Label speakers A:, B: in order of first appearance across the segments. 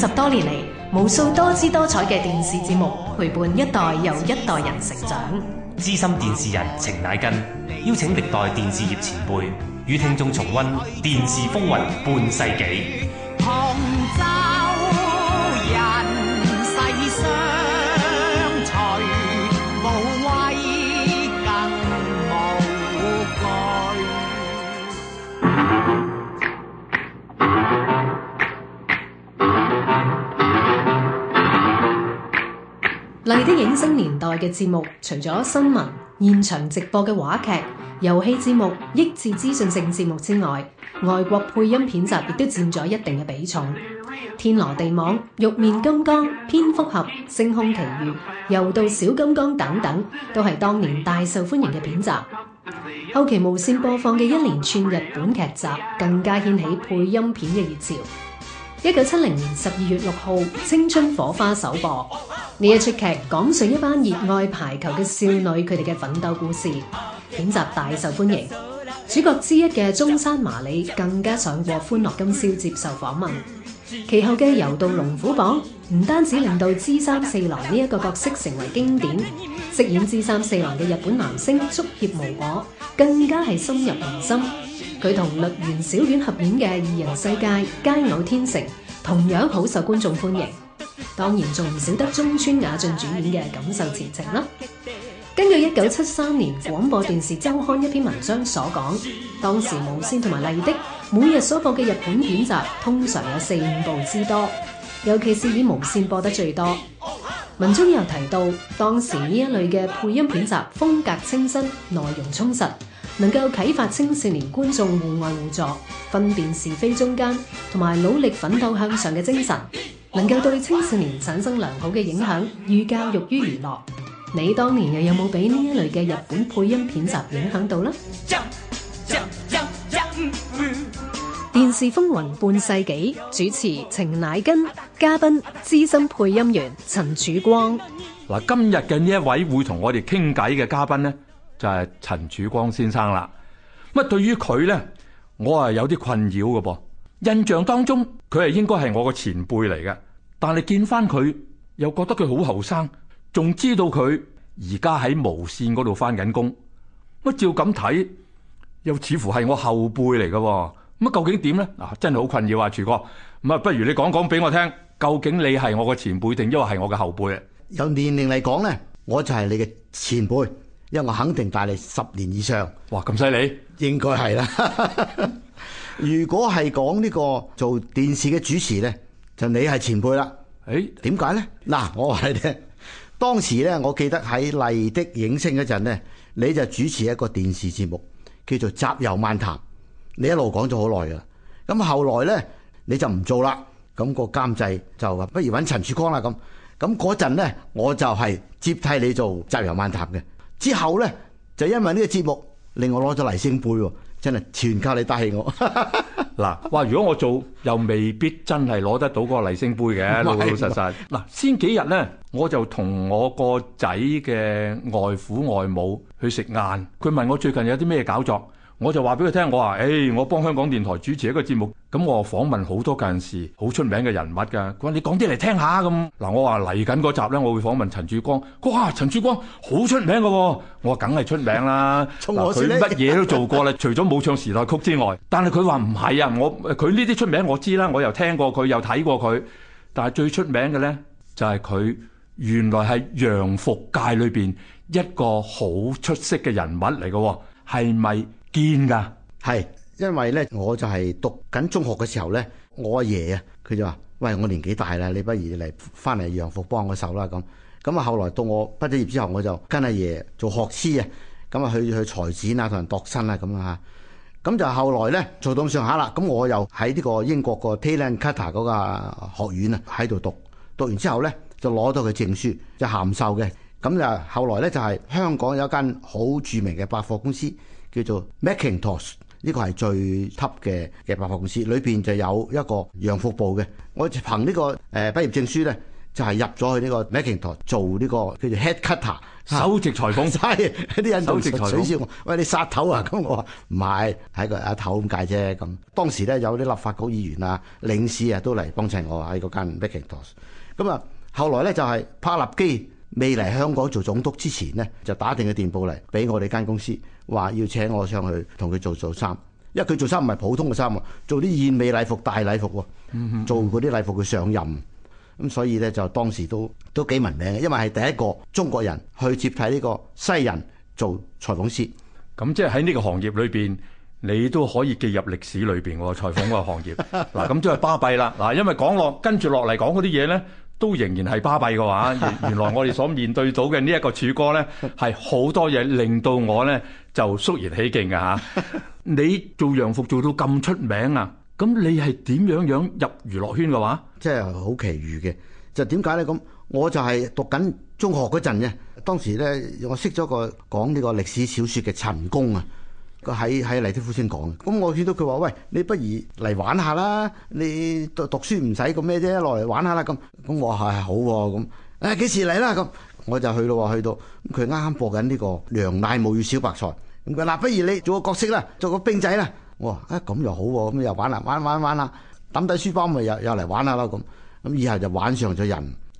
A: 十多年嚟，無數多姿多彩嘅電視節目陪伴一代又一代人成長。
B: 資深電視人程乃根邀請歷代電視業前輩與聽眾重温電視風雲半世紀。
A: 啲影星年代嘅節目，除咗新聞、現場直播嘅話劇、遊戲節目、益智資訊性節目之外，外國配音片集亦都佔咗一定嘅比重。天羅地網、玉面金剛、蝙蝠俠、星空奇遇、柔道小金剛等等，都係當年大受歡迎嘅片集。後期無線播放嘅一連串日本劇集，更加掀起配音片嘅熱潮。一九七零年十二月六號，《青春火花》首播。呢一出劇講述一班熱愛排球嘅少女，佢哋嘅奮鬥故事，片集大受歡迎。主角之一嘅中山麻里更加上過《歡樂今宵》接受訪問。其後嘅《柔道龍虎榜》唔單止令到姿三四郎呢一個角色成為經典，飾演姿三四郎嘅日本男星竹脇無我更加係深入人心。佢同栗原小卷合演嘅二人世界佳偶天成，同樣好受觀眾歡迎。當然仲唔少得中村雅俊主演嘅錦繡前程啦。根據一九七三年廣播電視周刊一篇文章所講，當時無綫同埋麗的每日所播嘅日本片集通常有四五部之多，尤其是以無綫播得最多。文中又提到，當時呢一類嘅配音片集風格清新，內容充實。能夠啟發青少年觀眾互愛互助、分辨是非中間，同埋努力奮鬥向上嘅精神，能夠對青少年產生良好嘅影響，寓教育於娛樂。你當年又有冇俾呢一類嘅日本配音片集影響到呢？Jump, Jump, Jump, Jump, Jump, 電視風雲半世紀主持程乃根，嘉賓資深配音員陳曙光。嗱，今日
B: 嘅呢一位會同我哋傾偈嘅嘉賓呢？就係陳曙光先生啦。乜對於佢咧，我係有啲困擾嘅噃。印象當中佢係應該係我個前輩嚟嘅，但你見翻佢又覺得佢好後生，仲知道佢而家喺無線嗰度翻緊工。乜照咁睇又似乎係我後輩嚟嘅。乜究竟點咧？嗱、啊，真係好困擾啊，曙哥。唔不如你講講俾我聽，究竟你係
C: 我個前輩定因為係我嘅後輩啊？有年齡嚟講咧，我就係你嘅前輩。因為我肯定大你十年以上，哇，咁犀利，應該係啦。 如果係講呢個做電視嘅主持咧，就你係前輩啦。咦、欸，點解咧？嗱、啊，我話你聽，當時咧，我記得喺麗的影星嗰陣咧，你就主持一個電視節目叫做《集郵漫談》，你一路講咗好耐噶啦。咁後來咧，你就唔做啦，咁個監製就話不如揾陳曙光啦。咁咁嗰陣咧，我就係接替你做《集郵漫談》嘅。之後咧就因為呢個節目令我攞咗黎星杯，真係全靠你帶起我。嗱，哇！如果我做又未必真係
B: 攞得到個黎星杯嘅，老是老實實。嗱是，先幾日咧我就同我個仔嘅外父外母去食晏，佢問我最近有啲咩搞作。我就話俾佢聽，我話，誒、欸，我幫香港電台主持一個節目，咁我訪問好多近時好出名嘅人物㗎。佢話：你講啲嚟聽下咁。嗱，我話嚟緊嗰集咧，我會訪問陳曙光。哇，陳曙光好出名嘅喎、哦。我話梗係出名啦，佢乜嘢都做過啦， 除咗冇唱時代曲之外，但係佢話唔係啊。我佢呢啲出名我知啦，我又聽過佢，又睇過佢。但係最出名嘅咧，就係、是、佢原來係洋服界裏面一個好出色嘅人物嚟嘅、哦，係咪？見
C: 噶係，因為咧，我就係讀緊中學嘅時候咧，我阿爺啊，佢就話：，喂，我年紀大啦，你不如嚟翻嚟洋服幫我手啦。咁咁啊，後來到我畢咗業之後，我就跟阿爺做學師啊，咁啊去去裁剪啊，同人度身啊咁啊吓。咁就後來咧做到上下啦，咁我又喺呢個英國個 Tailor Cutter 嗰個學院啊喺度讀讀完之後咧，就攞到佢證書，就函授嘅。咁就後來咧就係、是、香港有間好著名嘅百貨公司。叫做 Macintosh，呢個係最 top 嘅嘅百貨公司，裏邊就有一個洋服部嘅。我就憑呢個誒畢業證書咧，就係、是、入咗去呢個 Macintosh 做呢個叫做 head cutter，首席裁縫師。啲印度人取笑我，喂，你殺頭啊？咁我話唔係，係一個阿頭咁解啫。咁當時咧有啲立法局議員啊、領事啊都嚟幫襯我喺嗰間 Macintosh。咁啊，後來咧就係帕立基。未嚟香港做總督之前呢就打定個電報嚟俾我哋間公司，話要請我上去同佢做做衫，因為佢做衫唔係普通嘅衫啊，做啲燕尾禮服、大禮服喎，做嗰啲禮服佢上任，咁所以呢，就當時都都幾聞名嘅，因為係第一個中國人去接替呢個西人做裁縫師。咁即係喺呢個行業裏面，
B: 你都可以記入歷史裏面喎裁縫嗰個行業。嗱，咁即係巴閉啦，嗱，因為講落跟住落嚟講嗰啲嘢呢。都仍然係巴閉嘅話，原來我哋所面對到嘅呢一個曙哥呢，係好 多嘢令到我呢就肅然起敬㗎。
C: 你做洋服做到咁出名啊？咁你係點樣樣入娛樂圈嘅話？即係好奇遇嘅，就點解呢？咁我就係讀緊中學嗰陣嘅，當時呢我識咗個講呢個歷史小說嘅陳工啊。佢喺喺麗的呼聲講嘅，咁我見到佢話：喂，你不如嚟玩下啦，你讀讀書唔使咁咩啫，落嚟玩下啦，咁，咁我係好喎，咁，誒幾時嚟啦？咁，我就去咯，去到，咁佢啱啱播緊呢個《楊乃武與小白菜》，咁佢嗱，不如你做個角色啦，做個兵仔啦，我話啊，咁又好喎，咁又玩啦，玩玩玩啦，揼低書包咪又又嚟玩下咯，咁，咁以後就玩上咗人。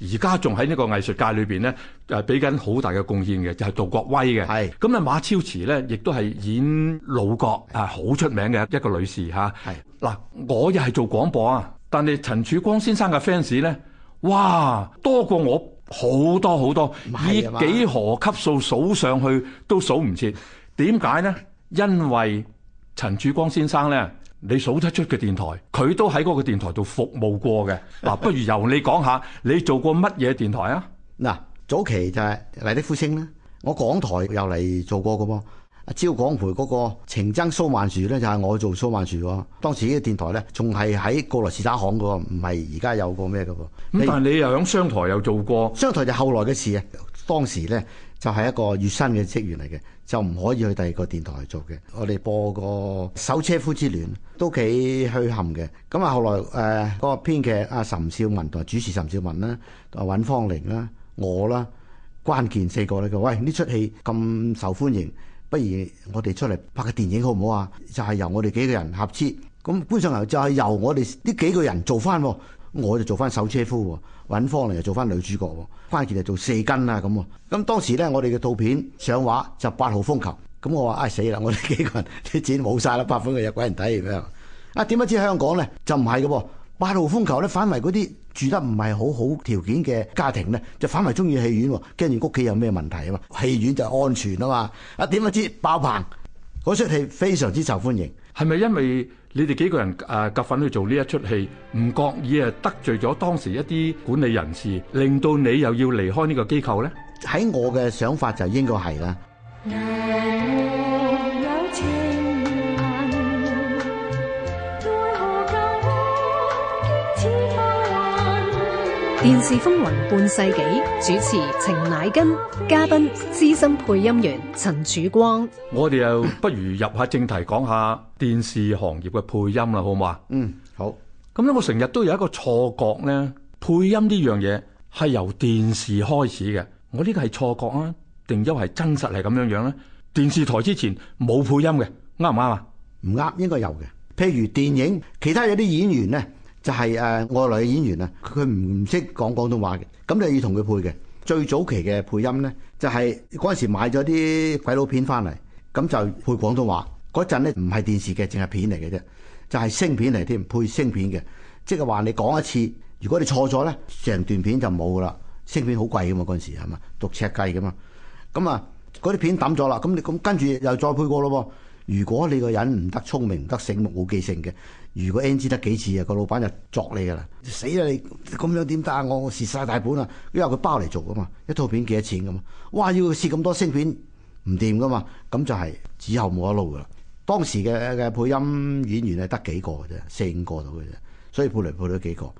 B: 而家仲喺呢個藝術界裏邊咧，誒俾緊好大嘅貢獻嘅，就係、是、杜國威嘅。咁啊，馬超慈咧，亦都係演老角啊，好出名嘅一個女士嗱、啊是啊，我又係做廣播啊，但係陳曙光先生嘅 fans 咧，哇，多過我好多好多，以幾何級數,數數上去都數唔切。點解咧？因為陳曙光先生咧。你數得出嘅電台，佢都喺嗰個電台度服務過嘅。嗱，不如由你講下，你做過乜嘢
C: 電台啊？嗱，早期就係麗的呼聲咧，我港台又嚟做過嘅噃。阿招廣培嗰個情真蘇曼殊咧，就係我做的蘇曼殊喎。當時啲電台咧，仲係喺告羅士打行嘅，唔係而家有個咩嘅噃。但係你又喺商台又做過，商台就係後來嘅事啊。當時咧就係、是、一個月薪嘅職員嚟嘅，就唔可以去第二個電台做嘅。我哋播個《手車夫之戀》都幾墟冚嘅。咁啊，後來誒、呃，那個編劇阿岑少文同埋主持岑少文啦，埋尹芳玲啦，我啦，關鍵四個咧。佢喂，呢出戲咁受歡迎，不如我哋出嚟拍個電影好唔好啊？就係、是、由我哋幾個人合資，咁搬上又就係由我哋呢幾個人做翻。我就做翻手車夫，揾方嚟又做翻女主角，關鍵係做四根啊咁。咁、啊、當時咧，我哋嘅套片上畫就八號風球，咁我話：唉、哎、死啦！我哋幾個人啲錢冇晒啦，八風球有鬼人睇咩？啊點不知香港咧就唔係嘅喎。八號風球咧反為嗰啲住得唔係好好條件嘅家庭咧，就反為中意戲院，驚住屋企有咩問題啊嘛，戲院就安全啊嘛。啊點不知爆棚，嗰出戲非常之受歡迎。
B: 係咪因為你哋幾個人啊夾份去做呢一出戲，唔覺意啊得罪咗當時一啲管理人士，令到
C: 你又要離開呢個機構呢？喺我嘅想法就應該係啦。
A: Yeah. 電視風雲半世紀，主持程乃根，嘉賓資深配音員陳曙光。
B: 我哋又不如入下正題，講下電視行業嘅配音啦，好唔好啊？嗯，好。咁咧，我成日都有一個錯覺咧，配音呢樣嘢係由電視開始嘅。我個錯呢個係錯覺啊，定因為真實係咁樣樣咧？電視
C: 台之前冇配音嘅，啱唔啱啊？唔啱，應該有嘅。譬如電影，其他有啲演員咧。就係誒外來嘅演員啊，佢唔唔識講廣東話嘅，咁你要同佢配嘅。最早期嘅配音咧，就係嗰陣時買咗啲鬼佬片翻嚟，咁就配廣東話。嗰陣咧，唔係電視嘅，淨係片嚟嘅啫，就係聲片嚟添，配聲片嘅。即係話你講一次，如果你錯咗咧，成段片就冇噶啦。聲片好貴噶嘛，嗰陣時係嘛，讀尺計噶嘛。咁啊，嗰啲片抌咗啦，咁你咁跟住又再配過咯喎。如果你個人唔得聰明，唔得醒目，冇記性嘅。如果 N G 得幾次啊，個老闆就作你噶啦！死啦你咁樣點得、啊、我蝕晒大本啊！因為佢包嚟做噶嘛，一套片幾多錢噶嘛？哇！要佢蝕咁多新片唔掂噶嘛？咁就係之後冇得撈噶啦！當時嘅嘅配音演員係得幾個嘅啫，四五個到嘅啫，所以配嚟配去都幾個。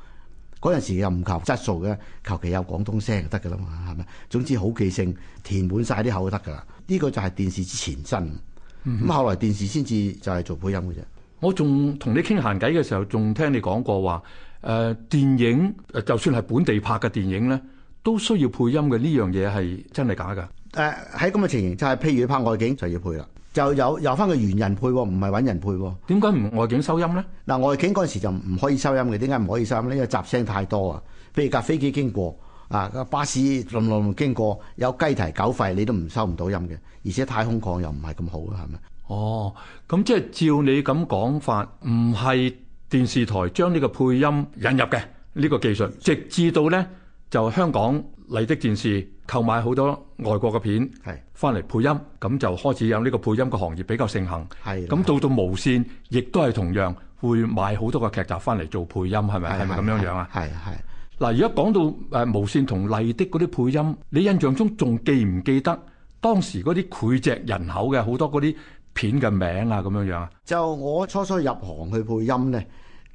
C: 嗰陣時又唔求質素嘅，求其有廣東聲就得噶啦嘛，係咪？總之好記性，填滿晒啲口就得噶啦。呢、呢個就係電視之前身。咁、嗯、哼後來電視先至就係做配音嘅啫。我仲同你傾閒偈嘅時候，
B: 仲聽你講過話，誒、呃、電影就算係本地拍嘅電影咧，
C: 都需要配音嘅呢樣嘢係真係假㗎？誒喺咁嘅情形就係、是，譬如拍外景就要配啦，就有有翻個原人配喎，唔係揾人配喎。點解唔外景收音咧？嗱、呃、外景嗰陣時就唔可以收音嘅，點解唔可以收音呢？因為雜聲太多啊，譬如架飛機經過啊，巴士隆隆隆經過，有雞啼狗吠，你都唔收唔到音嘅，而且太空曠又唔係咁好，係咪？
B: 哦，咁即係照你咁講法，唔係電視台將呢個配音引入嘅呢、呢個技術，直至到呢就香港麗的電視購買好多外國嘅片返翻嚟配音，咁是就開始有呢個配音嘅行業比較盛行係。咁是的 到到無線，的亦都係同樣會買好多個劇集翻嚟做配音，係咪係咪咁樣樣是的 啊？係係。嗱，如果講到誒無線同麗的嗰啲配音，你印象中仲記唔記得當時嗰啲膾炙人口嘅
C: 好多嗰啲？片嘅名啊，咁樣樣啊，就我初初入行去配音咧，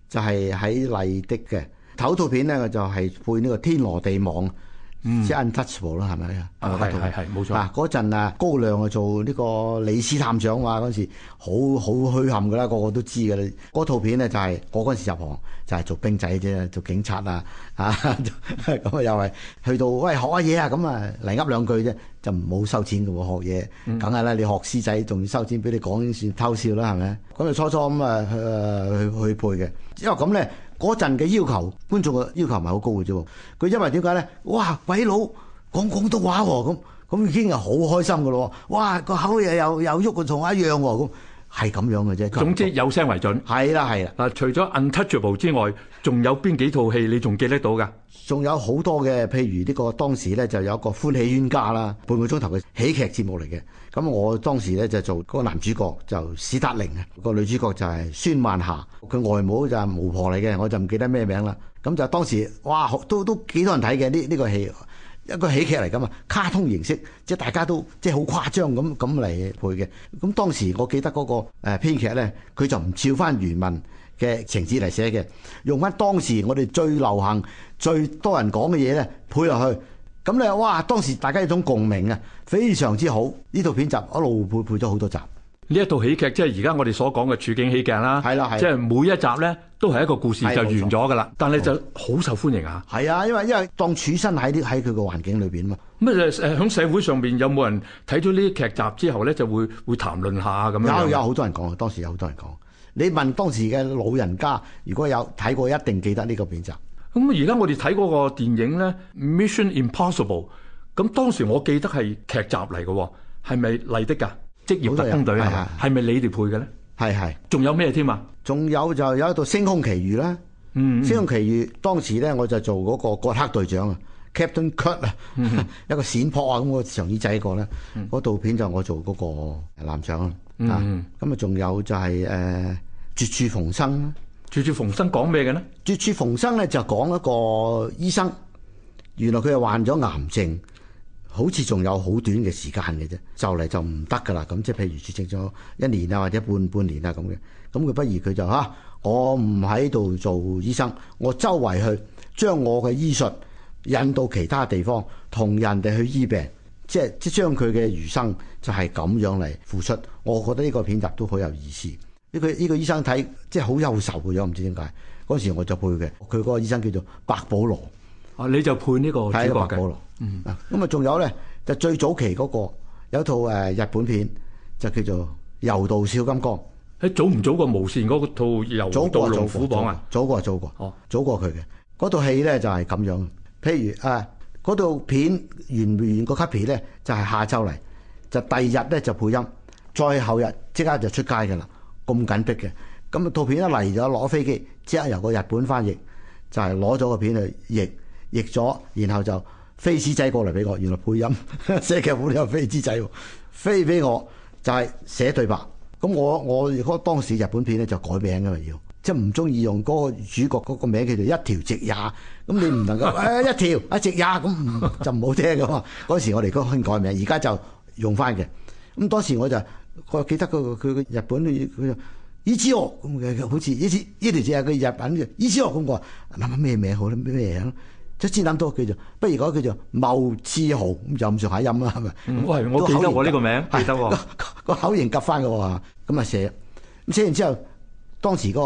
C: 就係喺麗的嘅，頭套片咧就係、是、配呢個《天羅地網》。即係 untouchable 啦，係咪 啊？係，係，係，冇錯。嗱，嗰陣啊，高亮啊做呢個李斯探長話嗰時，好好虛憾噶啦，個個都知噶啦。嗰套片呢，就係我嗰陣時入行就係做兵仔啫，做警察啊，咁 啊又係去到喂學下嘢啊咁啊嚟噏兩句啫，就唔好收錢嘅喎，學嘢梗係啦，你學師仔仲要收錢俾你講先偷笑啦，係咪？咁就初初咁啊去去，去配嘅，因為咁咧。嗰陣嘅要求，觀眾嘅要求唔係好高嘅啫。佢因為點解咧？哇，鬼佬講廣東話喎，咁咁已經係好開心嘅咯。哇，個口又又又喐嘅，同我一樣喎，咁係咁樣嘅啫。總
B: 之有聲為準。係啦，係啦。嗱，除咗《Untouchable》之外，仲有邊幾套戲你仲記得到㗎？
C: 仲有好多嘅，譬如呢個當時咧就有一個《歡喜冤家》啦，半個鐘頭嘅喜劇節目嚟嘅。咁我當時咧就做嗰個男主角，就史達寧啊，個女主角就係孫曼霞，佢外母就係巫婆嚟嘅，我就唔記得咩名啦。咁就當時，哇，都都幾多人睇嘅呢？呢個戲一個喜劇嚟噶嘛，卡通形式，即係大家都即係好誇張咁咁嚟配嘅。咁當時我記得嗰個誒編劇咧，佢就唔照翻原文嘅情節嚟寫嘅，用翻當時我哋最流行、最多人講嘅嘢咧配落去。咁你哇！當時大家有一種共鳴啊，非常之好。呢套片集一路配配咗好多集。
B: 呢一套喜劇即係而家我哋所講嘅處境喜劇啦，即係每一集咧都係一個故事就完咗噶啦。但係就
C: 好受歡迎啊。係啊，因為因為當處身喺啲喺佢個環境裏邊啊嘛。咁
B: 誒誒，喺社會上邊有冇人睇咗呢啲劇集之後咧，就會
C: 會談論下咁樣。有有好多人講啊，當時有好多人講。你問當時嘅老人家，如果有睇過，一定記得呢個片集。
B: 咁而家我哋睇嗰個電影咧，《Mission Impossible》，咁當時我記得係劇集嚟嘅，係咪麗的噶？職業特工隊
C: 啊，係咪你哋配嘅咧？係係是是。仲有咩添啊？仲有就有一套《星空奇遇》啦。嗯，《星空奇遇》當時咧，我就做嗰個葛克隊長啊、嗯嗯、，Captain Kirk 啊，一個閃撲啊咁嘅長耳仔個咧。嗰部片就我做嗰個艦長啊。嗯。咁啊，仲有就係誒絕處逢生。絕處逢生講咩嘅呢？絕處逢生咧就講一個醫生，原來佢係患咗癌症，好似仲有好短嘅時間嘅啫，就嚟就唔得噶啦。咁即係譬如絕症咗一年啊，或者半半年啊咁嘅。咁佢不如佢就吓，我唔喺度做醫生，我周圍去將我嘅醫術引到其他地方，同人哋去醫病，即係即將佢嘅餘生就係咁樣嚟付出。我覺得呢個片集都好有意思。呢、這個呢、這個醫生睇即係好憂愁嘅樣，唔知點解嗰時我就配嘅。佢嗰個醫生叫做白保羅
B: 啊。你就配呢個主角嘅。白
C: 嗯，咁啊，仲有咧就最早期嗰、那個有一套誒日本片就叫做《柔道小金剛》。誒，早唔早過無線嗰套柔《柔道老虎榜》啊？早過，過、哦、早過哦，早過佢嘅嗰套戲咧就係咁樣。譬如啊，嗰套片完唔完個 copy 咧就係下週嚟，就第、是、二日咧就配音，再後日即刻就出街嘅啦。咁緊迫嘅，咁啊，套片一嚟咗攞飛機，即刻由個日本翻譯就係攞咗個片嚟譯譯咗，然後就飛紙仔過嚟俾我。原來配音寫劇本有飛紙仔喎，飛畀我就係，寫對白。咁我我如果當時日本片咧就改名㗎嘛要，即係唔中意用嗰個主角嗰個名叫做一條直也，咁你唔能夠、 哎、一條一直也咁就唔好聽㗎嘛。嗰時我哋都興改名，而家就用翻嘅。咁當時我就。我記得嗰佢個日本佢就，伊志豪咁嘅，好似伊志呢條字啊，佢日文嘅伊志豪咁講，諗下咩名好咧？咩名即係先諗多叫做，不如講叫做茂志豪咁就唔上下音啦，係咪？我記得我呢個名，記
B: 個名，記得喎，
C: 個口型夾翻嘅喎，咁啊寫咁寫完之後，當時嗰個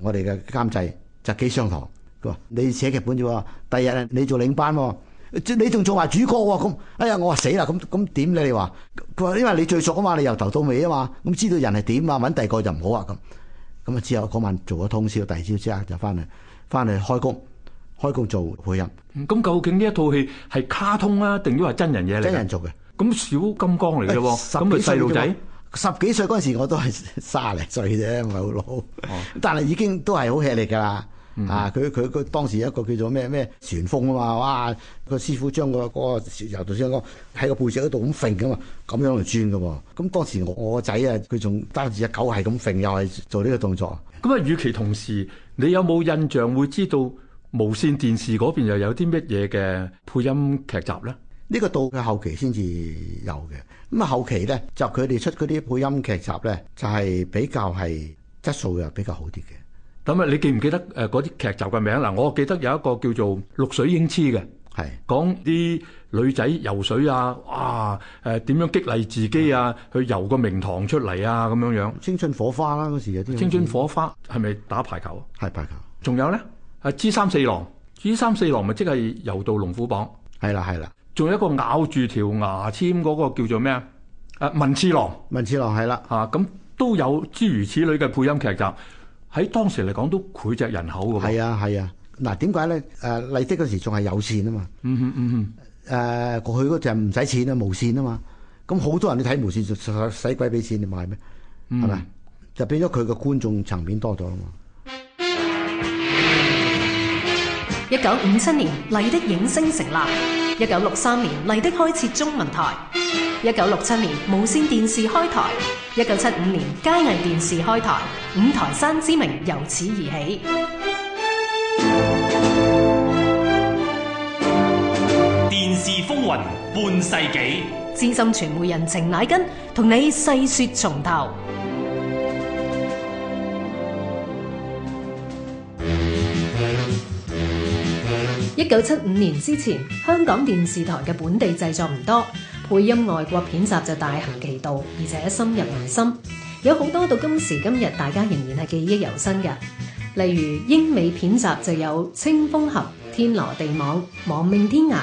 C: 我哋嘅監製就幾商堂，佢話你寫劇本啫喎，第二日你做領班喎。即你仲做埋主角喎咁，哎呀我話死啦咁咁點咧？你話佢話因為你最熟啊嘛，你由頭到尾啊嘛，咁知道人係點啊？揾第二個就唔好啊咁。咁啊，之後嗰晚做咗通宵，第二朝即刻就翻嚟翻嚟開工，開工做配音。
B: 咁、嗯、究竟呢一套戲係
C: 卡通啊，定要係真人嘢嚟？真人做嘅。咁小金剛嚟嘅喎，咁咪細路仔，十幾歲嗰陣時我都係卅零歲啫，唔係好老，哦、但係已經都係好吃力噶啦。嗯、啊！佢佢佢當時一個叫做咩咩旋風啊嘛，哇！師那個師傅將個個由頭先講喺個背脊嗰度咁揈㗎嘛，咁樣嚟轉㗎喎。咁、嗯、當時我，我當時個仔啊，佢仲揸住隻狗係咁揈，又係做呢個動作。
B: 咁啊，與其同
C: 時，
B: 你有冇印象會知道無線電視嗰邊又有啲乜嘢嘅配音
C: 劇集咧？呢個到佢後期先至有嘅。咁、嗯、啊，後期咧就佢哋出嗰啲配音劇集咧，就係、是、比較係質素又比較好啲嘅。咁啊！你記唔
B: 記得誒嗰啲劇集嘅名嗱？我記得有一個叫做《綠水英雌》嘅，是講啲女仔游水啊！啊誒，點樣激勵自己啊？去游個名堂出嚟啊！咁樣樣青春火花啦、啊，嗰時有啲青春火花係咪打排球啊？係排球。仲有咧誒，《姿三四郎》，《姿三四郎》咪即係柔道龍虎榜。係啦，係啦。仲有一個咬住條牙籤嗰個叫做咩啊？文次郎。文次郎，係啦嚇，咁都有諸如此類嘅配音劇集。喺當時嚟講都膾炙
C: 人口㗎喎，係啊係啊，嗱，點解咧？誒麗的嗰時仲係有線啊嘛，嗯嗯嗯嗯，誒、呃、過去嗰陣唔使錢啊無線啊嘛，咁好多人你睇無線就使鬼俾錢你買咩？係咪、嗯？就變咗佢嘅觀眾層面多咗啊嘛。
A: 一九五七年，麗的映聲成立。一九六三年麗的開設中文台，一九六七年無綫電視開台，一九七五年佳藝電視開台，五台山之名由此而起。電視風雲半世紀，資深傳媒人程乃根同你細說從頭。一九七五年之前，香港電視台嘅本地製作唔多，配音外國片集就大行其道，而且深入民心，有好多到今時今日大家仍然係記憶猶新嘅。例如英美片集就有《青蜂俠》《天羅地網》《亡命天涯》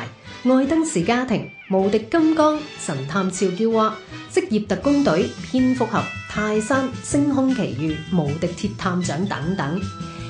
A: 《愛登士家庭》《無敵金剛》《神探俏嬌娃》《職業特工隊》《蝙蝠俠》《泰山》《星空奇遇》《無敵鐵探長》等等。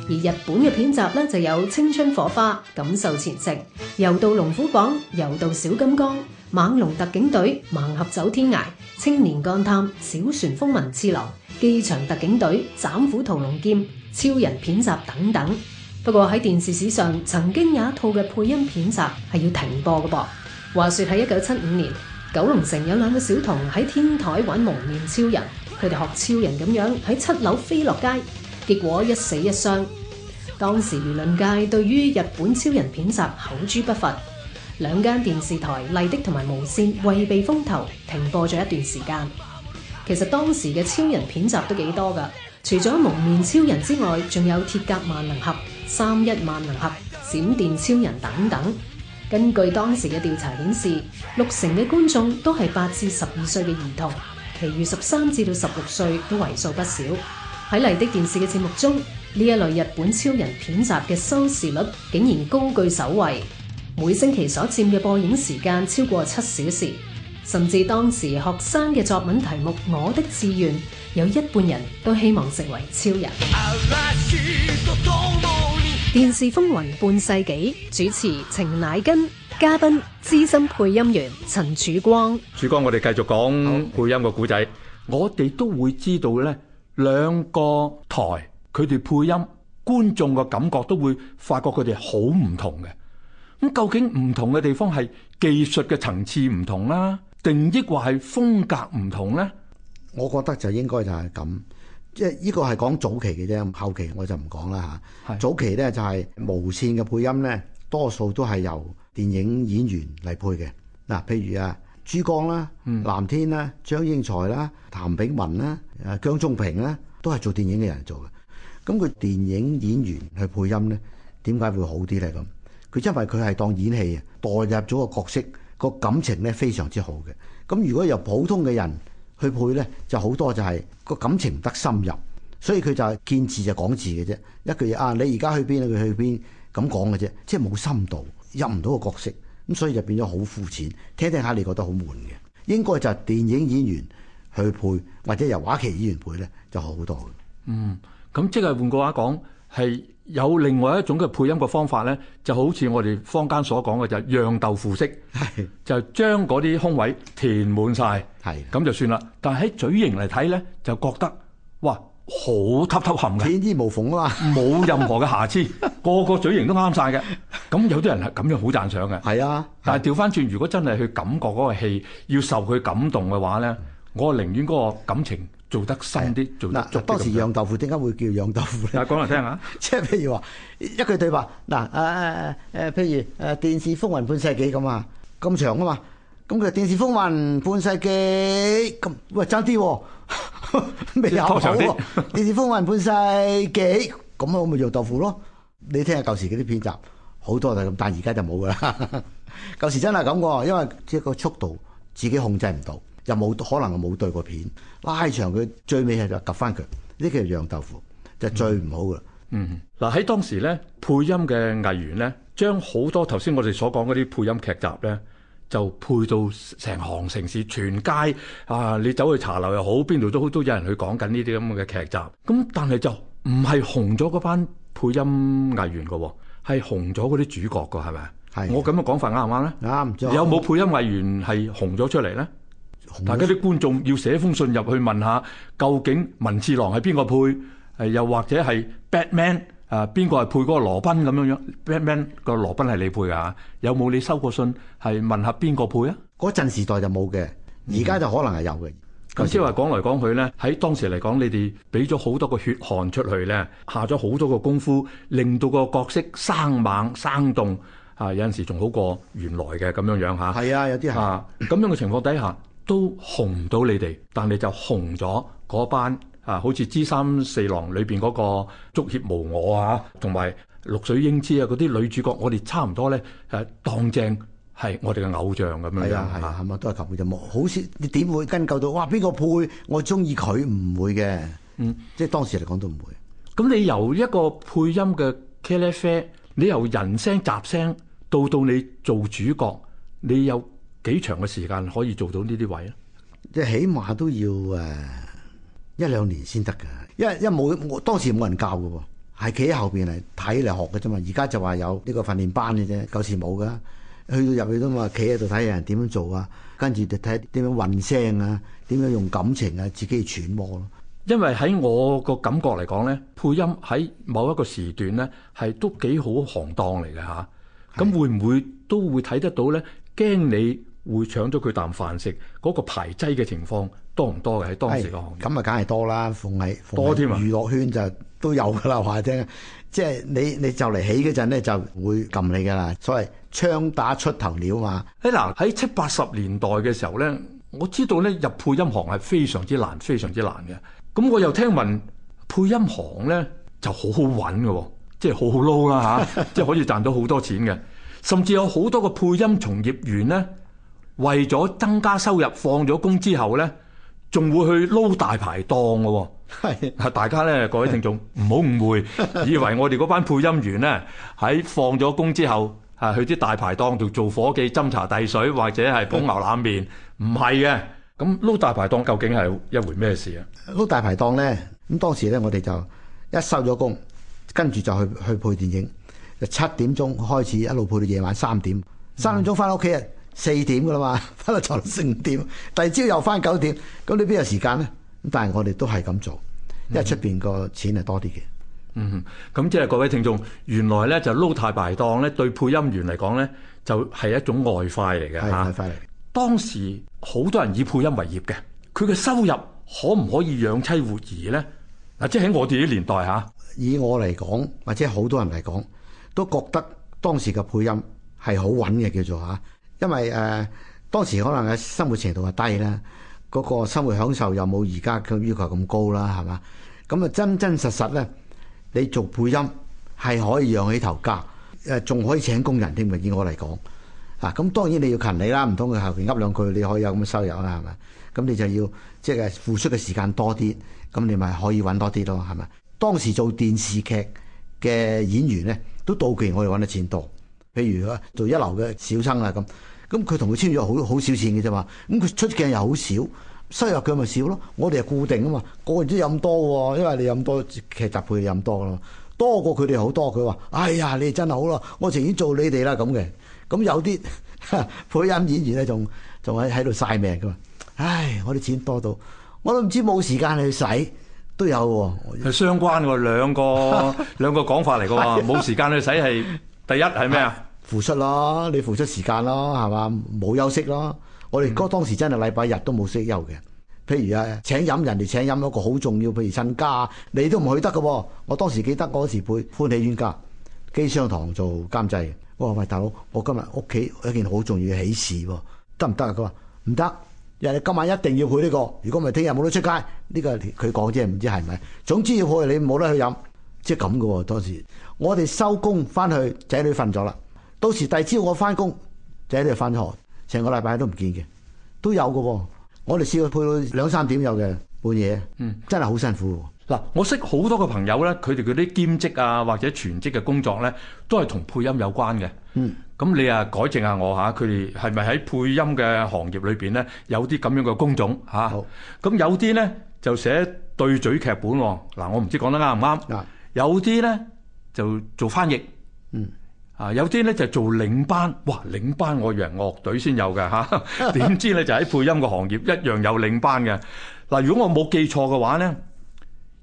A: 而日本嘅片集咧就有《青春火花》、《感受前程》、游，又到《龍虎榜》，又到《小金剛》、《猛龍特警隊》、《盲俠走天涯》、《青年幹探》、《小旋風文次郎》、《機場特警隊》、《斬虎屠龍劍》、《超人片集》等等。不過喺電視史上，曾經有一套嘅配音片集係要停播嘅噃。話說喺一九七五年，九龍城有兩個小童喺天台玩蒙面超人，佢哋學超人咁樣喺七樓飛落街。結果一死一傷。當時輿論界對於日本超人片集口誅筆伐，兩間電視台麗的同埋無線為避風頭停播咗一段時間。其實當時嘅超人片集都幾多㗎，除咗蒙面超人之外，仲有鐵甲萬能俠、三一萬能俠、閃電超人等等。根據當時嘅調查顯示，六成嘅觀眾都係八至十二歲嘅兒童，其餘十三至到十六歲都為數不少。喺麗的電視嘅節目中，呢一類日本超人片集嘅收視率竟然高居首位，每星期所佔嘅播映時間超過七小時，甚至當時學生嘅作文題目《我的志願》，有一半人都希望成為超人。啊、電視風雲半世紀，主持程乃根，嘉賓資深配音員陳曙光。
B: 曙光，我哋繼續講配音嘅古仔，嗯、我哋都會知道咧。兩個台佢哋配音，觀眾嘅感覺都會發覺佢哋好唔同嘅。咁究竟唔同嘅地方係技術嘅層次唔同啦，定抑或係風格唔同咧？
C: 我覺得就應該就係咁，即係呢個係講早期嘅啫，後期我就唔講啦吓。是早期咧就係無線嘅配音咧，多數都係由電影演員嚟配嘅。嗱，譬如啊。珠江啦、啊、藍天啦、啊、張英才啦、啊、譚炳文啦、啊、誒姜中平啦、啊，都係做電影嘅人做嘅。咁佢電影演員去配音咧，點解會好啲咧？咁佢因為佢係當演戲啊，代入咗個角色，個感情咧非常之好嘅。咁如果由普通嘅人去配咧，就好多就係個感情唔得深入，所以佢就係見字就講字嘅啫，一句嘢啊，你而家去邊啊？佢去邊咁講嘅啫，即係冇深度，入唔到個角色。咁所以就變咗好膚淺，聽聽下你覺得好悶嘅，應該就係電影演員去配，或者由話劇演員配咧就好好多嘅。嗯，
B: 咁即係換句話講，係有另外一種嘅配音嘅方法咧，就好似我哋坊間所講嘅就係釀豆腐式，係就將嗰啲空位填滿曬，咁係就算啦。但係喺嘴型嚟睇咧，就覺得哇！好凹凹陷嘅，天衣無縫啊嘛，冇任何嘅瑕疵， 個個嘴型都啱晒嘅，咁有啲人係咁樣好讚賞嘅。係啊，但係調翻轉，如果真係去感覺嗰個戲要受佢感動嘅話咧，我寧願嗰個感
C: 情做得深啲，的做得足啲。當時釀豆腐點解會叫釀豆腐咧？講嚟聽下、啊， 即係譬如話一句對白，嗱誒誒誒，譬、啊啊啊、如誒、啊、電視風雲半世紀咁啊，咁長啊嘛。咁佢電視風雲半世紀咁，喂爭啲喎，未有好啊、喔！電視風雲半世紀咁，我咪做豆腐咯。你聽下舊時嗰啲片集，好多就咁，但而家就冇噶啦。舊 時真係咁噶，因為即係個速度自己控制唔到，又冇可能我冇對過片，拉長佢，最尾係就夾翻佢，呢個叫釀豆腐，就是、最唔好噶啦、嗯。嗯，嗱喺
B: 當時咧，配音嘅藝員咧，將好多頭先我哋所講嗰啲配音劇集咧。就配到成行城市全街啊！你走去茶樓又好，邊度都好，都有人去講緊呢啲咁嘅劇集。咁但係就唔係紅咗嗰班配音藝員㗎喎，係紅咗嗰啲主角㗎，係咪的啊？我咁嘅講法啱唔啱咧？啱。有冇配音藝員係紅咗出嚟咧？了大家嗰啲觀眾要寫封信入去問下，究竟文次郎係邊個配？又或者係 Batman？誒邊個係配嗰個羅賓咁樣樣 Batman 個羅賓係你配㗎、啊？有冇你收過信係問下邊個配啊？嗰陣時代就冇嘅，而家就可能係有嘅。咁即係話講來講去咧，喺當時嚟講，你哋俾咗好多個血汗出去咧，下咗好多個功夫，令到個角色生猛生動嚇，有陣時仲好過原來嘅咁樣樣嚇。係啊，有啲嚇。咁、啊啊啊、樣嘅情況底下都紅到你哋，但你就紅咗嗰班。啊，好似《姿三四郎》裏邊嗰個足協無我啊，同埋《綠水英姿啊》啊嗰啲女主角我，我哋差唔多咧誒，當正係我哋嘅
C: 偶像咁樣啦，係咪都係咁嘅啫？好似你點會跟據到？哇！邊個配我中意佢？唔會嘅，會嗯，即係當時嚟講都唔會。
B: 咁你由一個配音嘅茄喱啡，你由人聲雜聲到到你做主角，你有幾長嘅時間可以做到呢啲位
C: 咧？即起碼都要一兩年先得噶，因為因為冇當時冇人教嘅喎，係企喺後邊嚟睇嚟學嘅啫嘛。而家就話有呢個訓練班嘅啫，舊時冇噶。去到入去都話，企喺度睇人點樣做啊，跟住就睇點樣混聲啊，點樣用感情啊，自己去揣摩咯。
B: 因為喺我個感覺嚟講咧，配音喺某一個時段咧，係都幾好行當嚟嘅吓，咁會唔會都會睇得到咧？驚你會搶咗佢啖飯食嗰個排擠嘅情況。多唔多嘅喺當時個
C: 行業咁？哎、啊，梗係多啦！添啊娛樂圈就都有噶啦，話你聽，即係你你就嚟起嗰陣咧，就會撳你噶啦，所謂槍打出頭鳥嘛。哎
B: 嗱，喺七八十年代嘅時候咧，我知道咧入配音行係非常之難，非常之難嘅。咁我又聽聞配音行咧就好、就是、好揾喎，即係好好撈啦吓，即係可以賺到好多錢嘅。甚至有好多個配音從業員咧，為咗增加收入，放咗工之後咧。仲會去撈大排檔嘅喎，係啊！大家咧，各位聽眾唔好誤會，以為我哋嗰班配音員咧喺放咗工之後，係去啲大排檔度做伙計斟茶遞水或者係捧牛腩麵，唔係嘅。咁撈大排檔究竟係一回咩
C: 事啊？撈大排檔咧，咁當時咧我哋就一收咗工，跟住就去去配電影，就七點鐘開始一路配到夜晚三點，三點鐘翻屋企啊！嗯四點㗎啦嘛，翻到床成五點，第二朝又翻九點，咁你邊有時間咧？咁但係我哋都係咁做，因為出面個錢係多啲嘅、嗯。
B: 嗯，咁即係各位聽眾原來咧就撈太排檔咧，對配音員嚟講咧就係、是、一種外快嚟嘅嚇。外快嚟。啊、的當時好多人以配音為業嘅，佢嘅收入可唔可以養妻活兒咧？嗱，即係喺我哋啲年代嚇、
C: 啊，以我嚟講，或者好多人嚟講，都覺得當時嘅配音係好穩嘅，叫做、啊因為誒、呃、當時可能嘅生活程度啊低啦，嗰、那個生活享受又冇而家嘅要求咁高啦，係嘛？咁啊真真實實咧，你做配音係可以養起頭家誒，仲可以請工人添。以我嚟講啊，咁當然你要勤力啦，唔通佢後邊噏兩句，你可以有咁嘅收入啦，係咪？咁你就要即係付出嘅時間多啲，咁你咪可以揾多啲咯，係咪？當時做電視劇嘅演員咧，都妒忌我哋揾得錢多，譬如做一流嘅小生啊咁。咁佢同佢簽約好好少錢嘅啫嘛，咁佢出鏡又好少，收入佢咪少咯。我哋係固定啊嘛，個人知有咁多喎，因為你有咁多劇集配你咁多囉。多過佢哋好多。佢話：哎呀，你真係好囉，我情願做你哋啦咁嘅。咁有啲配音演員咧，仲仲喺喺度曬命㗎嘛。唉，我啲錢多到，我都唔知冇時間去使，都有喎。
B: 係相關喎，兩個 兩個講法嚟㗎，冇時間去使係第一係咩啊？
C: 付出咯，你付出時間咯，係嘛，冇休息咯。Mm hmm. 我哋哥當時真係禮拜日都冇息休嘅。譬如啊，請飲，人哋請飲嗰個好重要，譬如親家，你都唔去得喎。我當時記得嗰時配歡喜冤家，機商堂做監製，我話，喂，大佬，我今日屋企一件好重要喜事喎，得唔得啊？佢話唔得，人哋今晚一定要配呢個，如果唔係聽日冇得出街。呢個佢講啫，係唔知係咪。總之要去，你冇得去飲，即係咁㗎喎。當時我哋收工翻去仔女瞓咗啦。到時第二朝我翻工，就喺度翻學，成個禮拜都唔見嘅，都有嘅喎。我哋試過配到兩三點有嘅，半夜，嗯，真係好辛苦喎。嗱、嗯，
B: 我識好多個朋友咧，佢哋嗰啲兼職啊或者全職嘅工作咧，都係同配音有關嘅，嗯。咁你啊，改正下我吓，佢哋係咪喺配音嘅行業裏邊咧，有啲咁樣嘅工種嚇？好、咁、嗯、有啲咧就寫對嘴劇本喎。嗱，我唔知講得啱唔啱？嗯、有啲咧就做翻譯，嗯。啊，有啲咧就是、做領班，哇！領班我以為樂隊先有嘅，點、啊、知咧 就喺配音個行業一樣有領班嘅。嗱、啊，如果我冇記錯嘅話咧，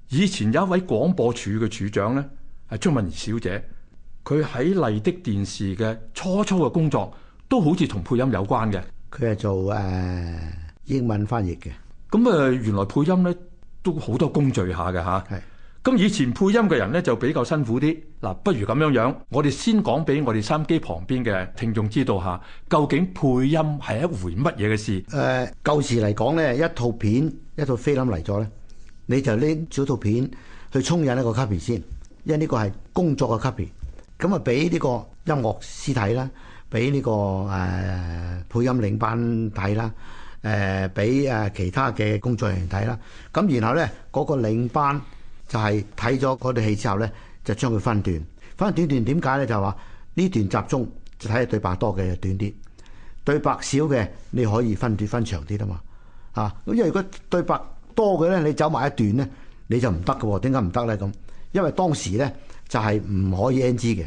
B: 以前有一位廣播處嘅處長咧，係張敏儀小姐，佢喺麗的電視嘅初初嘅工作都好似同配音有關嘅，
C: 佢係做誒、呃、英文翻譯嘅。咁、啊、原來配音咧
B: 都好多工序下嘅咁以前配音嘅人咧就比較辛苦啲嗱，不如咁樣樣，我哋先講俾我哋三機旁邊嘅聽眾知道下，究竟配
C: 音係一回乜嘢嘅事？誒，舊時嚟講咧，一套片一套菲林嚟咗咧，你就拎小套片去沖印一個 copy 先，因為呢個係工作嘅 copy。咁啊，俾呢個音樂師睇啦，俾呢個誒配音領班睇啦，誒俾誒其他嘅工作人員睇啦。咁然後咧嗰個領班，就係睇咗嗰段戲之後咧，就將佢分段。分段點解咧？就係話呢段集中就睇對白多嘅短啲，對白少嘅你可以分段分長啲啦嘛。啊，因為如果對白多嘅咧，你走埋一段咧，你就唔得㗎喎。點解唔得咧？咁因為當時咧就係唔可以 NG 嘅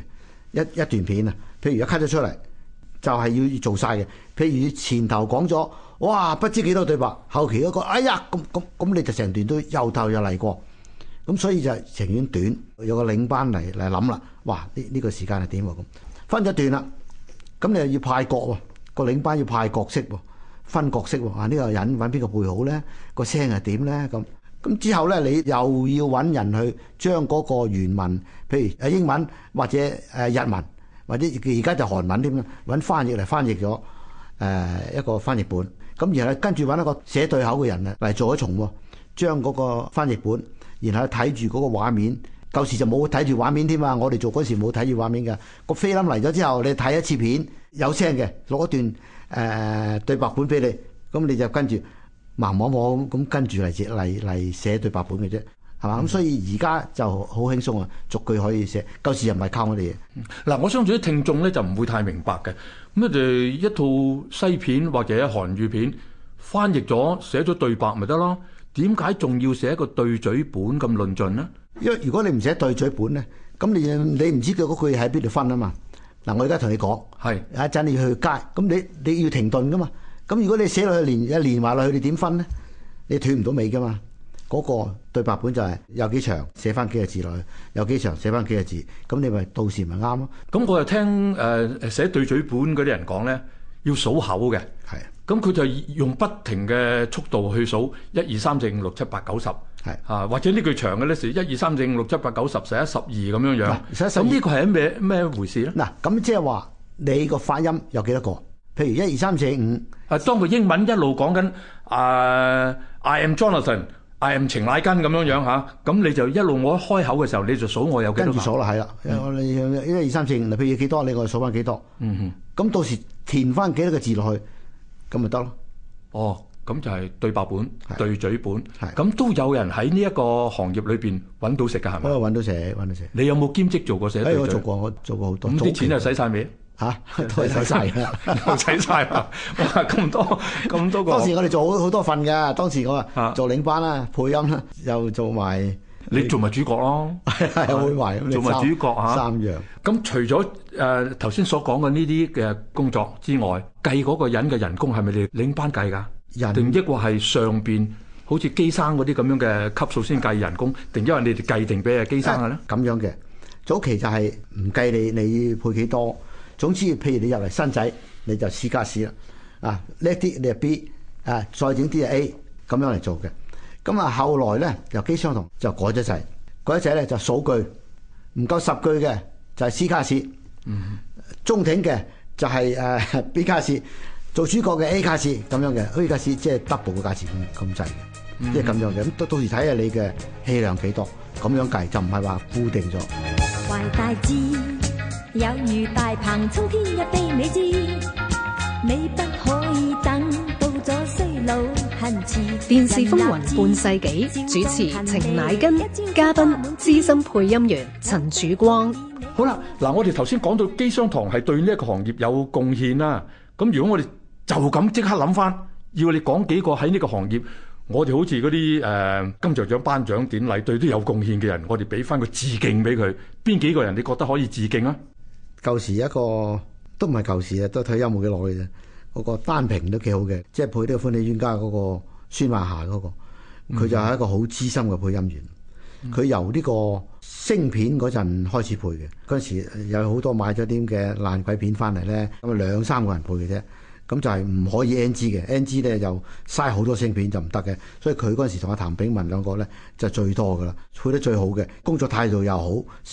C: 一一段片啊。譬如一 cut 咗出嚟，就係要做晒嘅。譬如前頭講咗哇，不知幾多對白，後期嗰個哎呀咁咁咁，那那那你就成段都由頭又嚟過。咁所以就係情願短，有個領班嚟嚟諗啦。哇！呢呢個時間係點喎？咁分咗段啦，咁你又要派角喎，個領班要派角色喎，分角色喎。啊，呢個人揾邊個配好咧？個聲係點咧？咁咁之後咧，你又要揾人去將嗰個原文，譬如啊英文或者誒日文或者而家就韓文添啦，揾翻譯嚟翻譯咗誒一個翻譯本。咁然後咧跟住揾一個寫對口嘅人嚟做一重喎，將嗰個翻譯本。然後睇住嗰個畫面，舊時就冇睇住畫面添嘛。我哋做嗰時冇睇住畫面嘅，個菲林嚟咗之後，你睇一次片有聲嘅，攞一段誒、呃、對白本俾你，咁你就跟住盲摸摸咁跟住嚟嚟嚟寫對白本嘅啫，係嘛？咁、嗯、所以而家就好輕鬆啊，逐句可以寫。舊時又唔係靠我哋嘅。嗱，我相信啲聽眾咧就唔會太明白嘅。咁就一套
B: 西片或者韓語片翻譯咗寫咗對白咪得咯。點解仲要
C: 寫一個對嘴本咁論盡咧？因為如果你唔寫對嘴本咧，咁你你唔知佢嗰句喺邊度分啊嘛。嗱，我而家同你講，係一陣你要去街，咁你你要停頓噶嘛。咁如果你寫落去連一連話落去，你點分咧？你斷唔到尾噶嘛？嗰個對白本就係有幾長，寫翻幾個字落去，有幾長，寫翻幾個字，咁你咪到時咪啱咯。
B: 咁我又聽誒誒寫對嘴本嗰啲人講咧，要數口嘅。係。咁佢就用不停嘅速度去數一二三四五六七八九十，係啊，10, 是或者呢句長嘅咧，時一二三四五六七八九十十一十二咁樣樣。咁呢喇個係咩咩回事咧？嗱，咁即係話你
C: 個發音有幾多個？譬如一二三四五。
B: 啊，當佢英文一路講緊啊，I am Jonathan，I am 情乃根咁樣樣嚇，咁、嗯啊、你就一路我一開口嘅時候，你就數我有幾多嘛？跟住數啦，
C: 係啦，我哋一二三四五，嗱，5, 譬如幾多，你我數翻幾多。嗯咁哼到時填翻幾多個字落去？咁咪得
B: 咯？哦，咁就係對白本、是對嘴本，咁是都有人喺呢一個行業裏面揾到食㗎。係咪？都揾到食，揾到食。你有冇兼職做過寫對？有、哎、做
C: 過，我做過好多。咁啲些錢就使晒未？吓、啊？都係使晒啦， 又使晒啦。哇，咁多咁多個 當多。當時我哋做好好多份㗎。當時我啊做領班啦，啊、配音啦，又做埋。你做埋主角咯，係會埋做埋主角吓，三
B: 樣。咁除咗誒頭先所講嘅呢啲嘅工作之外，計嗰個人嘅人工係咪你領班計㗎？人定抑或係上邊好似機生嗰啲咁樣
C: 嘅級數先計人工？定抑或你哋計定俾阿機生嘅咧？咁樣嘅早期就係唔計你你配幾多。總之，譬如你入嚟新仔，你就試加試啦。啊，叻啲你係 B 啊，再整啲係 A，咁樣嚟做嘅。咁啊，後來咧又機相同，就改咗制。改咗制咧就數句，唔夠十句嘅就係 C 卡士，嗯、哼中挺嘅就係誒 B 卡士，做主角嘅 A 卡士咁樣嘅，A 卡士即係 double 嘅價錢咁制，即係咁樣嘅。咁到、嗯、哼到時睇下你嘅氣量幾多，咁樣計就唔係話固定咗。
A: 電視風雲半世紀主持程乃根，嘉賓資深配音員陳曙光。
B: 好啦，嗱，我哋頭先講到機商堂係對呢一個行業有貢獻啦、啊。咁如果我哋就咁即刻諗翻，要你講幾個喺呢個行業，我哋好似嗰啲誒金像獎頒獎典禮對都有貢獻嘅人，我哋俾翻個致敬俾佢。邊幾個人你覺得可以
C: 致敬啊？舊時一個都唔係舊時啊，都退休冇幾耐嘅啫。嗰、那個單平都幾好嘅，即係配呢個歡喜冤家嗰、那個。孫華霞嗰個，佢就係一個好資深嘅配音員。佢、嗯、哼由呢個聲片嗰陣開始配嘅，嗰陣時有好多買咗啲嘅爛鬼片翻嚟咧，咁啊兩三個人配嘅啫，咁就係唔可以 NG 嘅。嗯、NG 咧就嘥好多聲片就唔得嘅，所以佢嗰陣時同阿譚炳文兩個咧就最多噶啦，配得最好嘅，工作態度又好，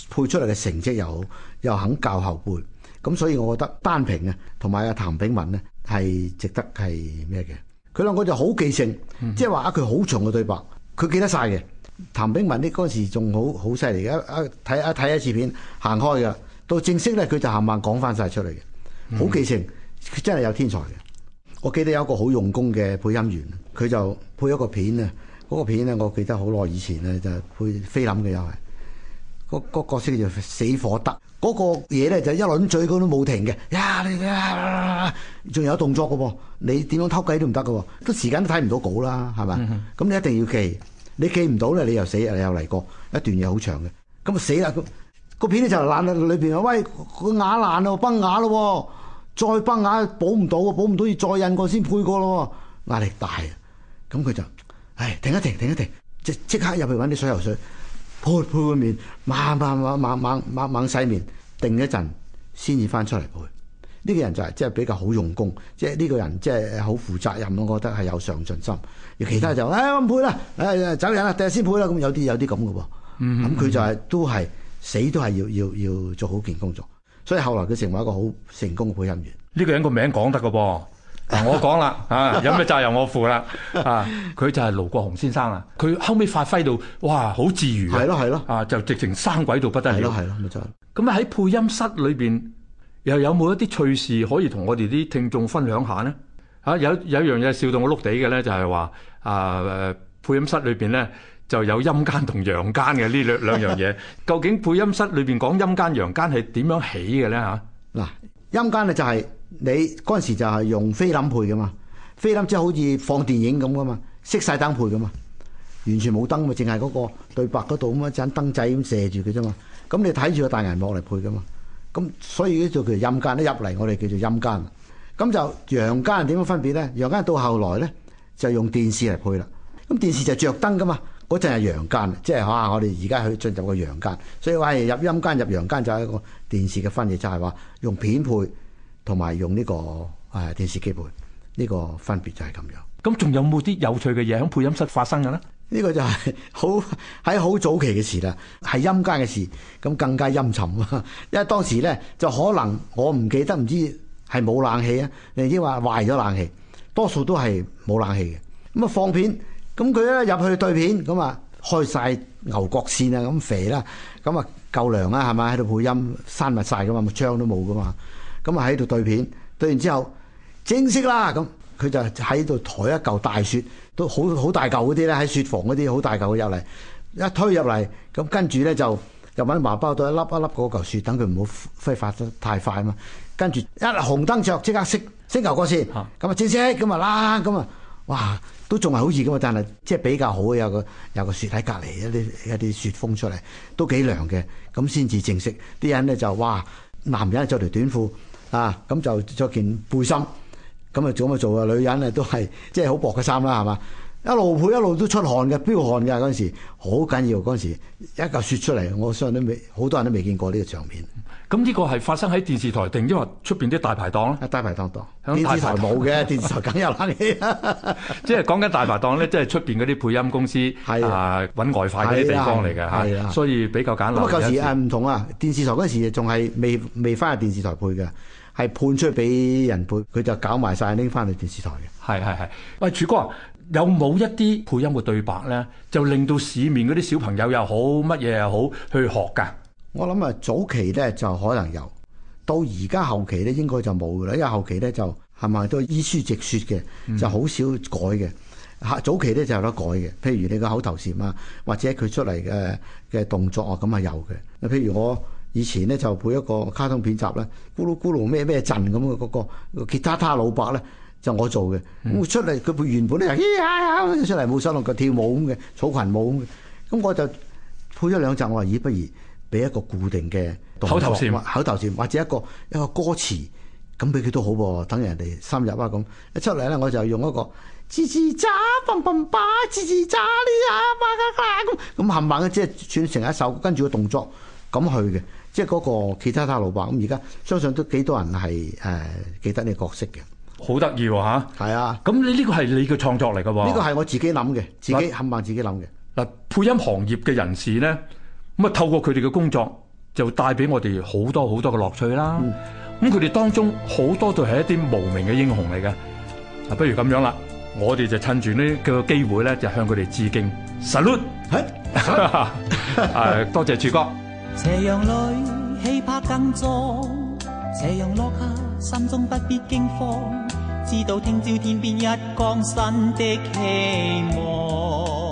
C: 配出嚟嘅成績又好，又肯教後輩，咁所以我覺得單評啊，同埋阿譚炳文呢係值得係咩嘅？佢兩個就好記性，即係話啊，佢好長嘅對白，佢記得晒嘅。譚炳文呢嗰陣時仲好好犀利嘅，一一睇一睇一次片行開噶，到正式咧佢就慢慢講翻晒出嚟嘅，好記性，佢真係有天才嘅。我記得有一個好用功嘅配音員，佢就配一個片啊，嗰個片咧我記得好耐以前咧就配菲林嘅又係，嗰個角色就死火得。嗰個嘢咧就一輪嘴佢都冇停嘅，呀你呀，仲有動作嘅喎，你點樣偷雞都唔得嘅喎，都時間都睇唔到稿啦，係嘛？咁你一定要記，你記唔到咧，你又死你又嚟過一段嘢好長嘅，咁啊死啦！個片咧就爛啦，裏邊話喂個牙爛咯，崩牙咯，再崩牙補唔到，補唔到要再印過先配過咯，壓力大啊！咁佢就，唉，停一停，停一停，即即刻入去揾啲水油水。配配個面，猛猛猛猛猛猛洗面，定一陣先至翻出嚟配。呢、這個人就係即係比較好用功，即係呢個人即係好負責任咯。我覺得係有上進心。而其他就誒、是嗯哎、我唔配啦，誒、哎、走人啦，第日先配啦。咁有啲有啲咁嘅喎。咁佢，嗯嗯嗯，就係、是、都係死都係要要要做好件工作。所以後來佢成為一個好成功嘅配音員。
B: 呢個人個名講得噶噃。嗱 我講啦，啊有咩責任我負啦，啊佢就係盧國雄先生啦，佢後尾發揮到哇好自如，係咯係咯，啊就直情生鬼到不得了，係咯咁喺配音室裏面，又有冇一啲趣事可以同我哋啲聽眾分享下呢？啊、有有一樣嘢笑到我碌地嘅咧，就係、是、話啊配音室裏面咧就有陰間同陽間嘅呢兩兩樣嘢， 究竟配音室裏面講陰間陽間
C: 係點樣起嘅咧？嗱陰間咧就係、是。你嗰陣時就係用菲林配嘅嘛，菲林即係好似放電影咁嘅嘛，熄晒燈配嘅嘛，完全冇燈嘛，淨係嗰個對白嗰度咁一盞燈仔咁射住佢啫嘛。咁你睇住個大銀幕嚟配嘅嘛。咁所以呢度叫做陰間，一入嚟，我哋叫做陰間。咁就陽間點樣分別咧？陽間到後來咧就用電視嚟配啦。咁電視就著燈嘅嘛，嗰陣係陽間，即係哇！我哋而家去進入個陽間，所以話入陰間入陽間就係一個電視嘅分野，就係話用片配。同埋用呢個誒電視機盤呢個分別就係咁樣。咁仲有冇啲有,有趣嘅嘢喺配音室發生㗎咧？呢個就係好喺好早期嘅事啦，係陰間嘅事，咁更加陰沉啦。 因為當時咧就可能我唔記得，唔知係冇冷氣啊，亦話壞咗冷氣，多數都係冇冷氣嘅。咁啊放片咁佢咧入去對片咁啊開晒牛角扇啊咁肥啦，咁啊夠涼啦係咪？喺度配音閂密晒㗎嘛，窗都冇㗎嘛。咁啊喺度對片，對完之後正式啦，咁佢就喺度抬一嚿大雪，都好好大嚿嗰啲咧，喺雪房嗰啲好大嚿入嚟，一推入嚟，咁跟住咧就又搵麻包袋一粒一粒嗰嚿雪，等佢唔好揮發得太快啊嘛，跟住一紅燈着，即刻熄，升球過先。咁啊正式，咁啊啦，咁啊，哇，都仲係好似咁嘛。但係即係比較好，有個有個雪喺隔離一啲一啲雪風出嚟，都幾涼嘅，咁先至正式。啲人咧就哇，男人着條短褲。啊，咁就着件背心，咁啊做咪啊做啊，女人啊都係即係好薄嘅衫啦，係嘛？一路配一路都出汗嘅，飆汗嘅嗰陣時，好緊要嗰陣時，一嚿雪出嚟，我相信都未好多人都未見過呢個場面。
B: 咁呢個係發生喺電視台定抑或出邊啲大排檔咧、啊？大排檔檔，電視台冇嘅，電
C: 視台梗有冷氣。
B: 即係講緊大排檔咧，即係出邊嗰啲配音公司是啊揾外快嘅啲地方嚟嘅，係啊，啊啊所以比較簡陋。咁啊，舊時
C: 唔同啊，電視台嗰陣時仲係未未翻去電視台配嘅。係判出去俾人判，佢就搞埋晒拎翻去電視台嘅。係係係。喂，柱哥，有冇一啲配音嘅對白咧，就令到市面嗰啲小朋友又好，乜嘢又好去學㗎？我諗啊，早期咧就可能有，到而家後期咧應該就冇啦，因為後期咧就係咪都係依書直説嘅，就好少改嘅。嗯、早期咧就有得改嘅，譬如你個口頭禪啊，或者佢出嚟嘅嘅動作啊，咁係有嘅。譬如我。以前咧就配一個卡通片集咧，咕嚕咕嚕咩咩陣咁嘅嗰個，吉他他老伯咧就我做嘅。咁出嚟佢佢原本咧咦呀出嚟冇手冇腳跳舞咁嘅草裙舞咁，咁我就配咗兩集，我話咦，不如俾一個固定嘅口頭詞，口頭詞或者一個一個歌詞咁俾佢都好噃，等人哋深入啊。咁一出嚟咧我就用一個吱吱喳嘣嘣巴吱吱喳呢呀嘛呀咁咁冚唪即係轉成一首跟住個動作咁去嘅。即係嗰個其他他老闆，咁而家相信都幾多人係誒、呃、記得呢個角色嘅，好得意喎嚇！
B: 係啊，咁、啊、你呢個係你嘅創作嚟嘅
C: 喎？呢個係我自己諗嘅，自己冚唪唥、啊、自己諗嘅。嗱、
B: 啊，配音行業嘅人士咧，咁啊透過佢哋嘅工作，就帶俾我哋好多好多嘅樂趣啦。咁佢哋當中好多都係一啲無名嘅英雄嚟嘅。嗱，不如咁樣啦，我哋就趁住呢個機會咧，就向佢哋致敬，salute，欸欸 啊、多謝主哥。
C: 斜陽裏，氣魄
A: 更壯。斜陽落下，心中不必驚慌。知道聽朝天邊一光，新的希望。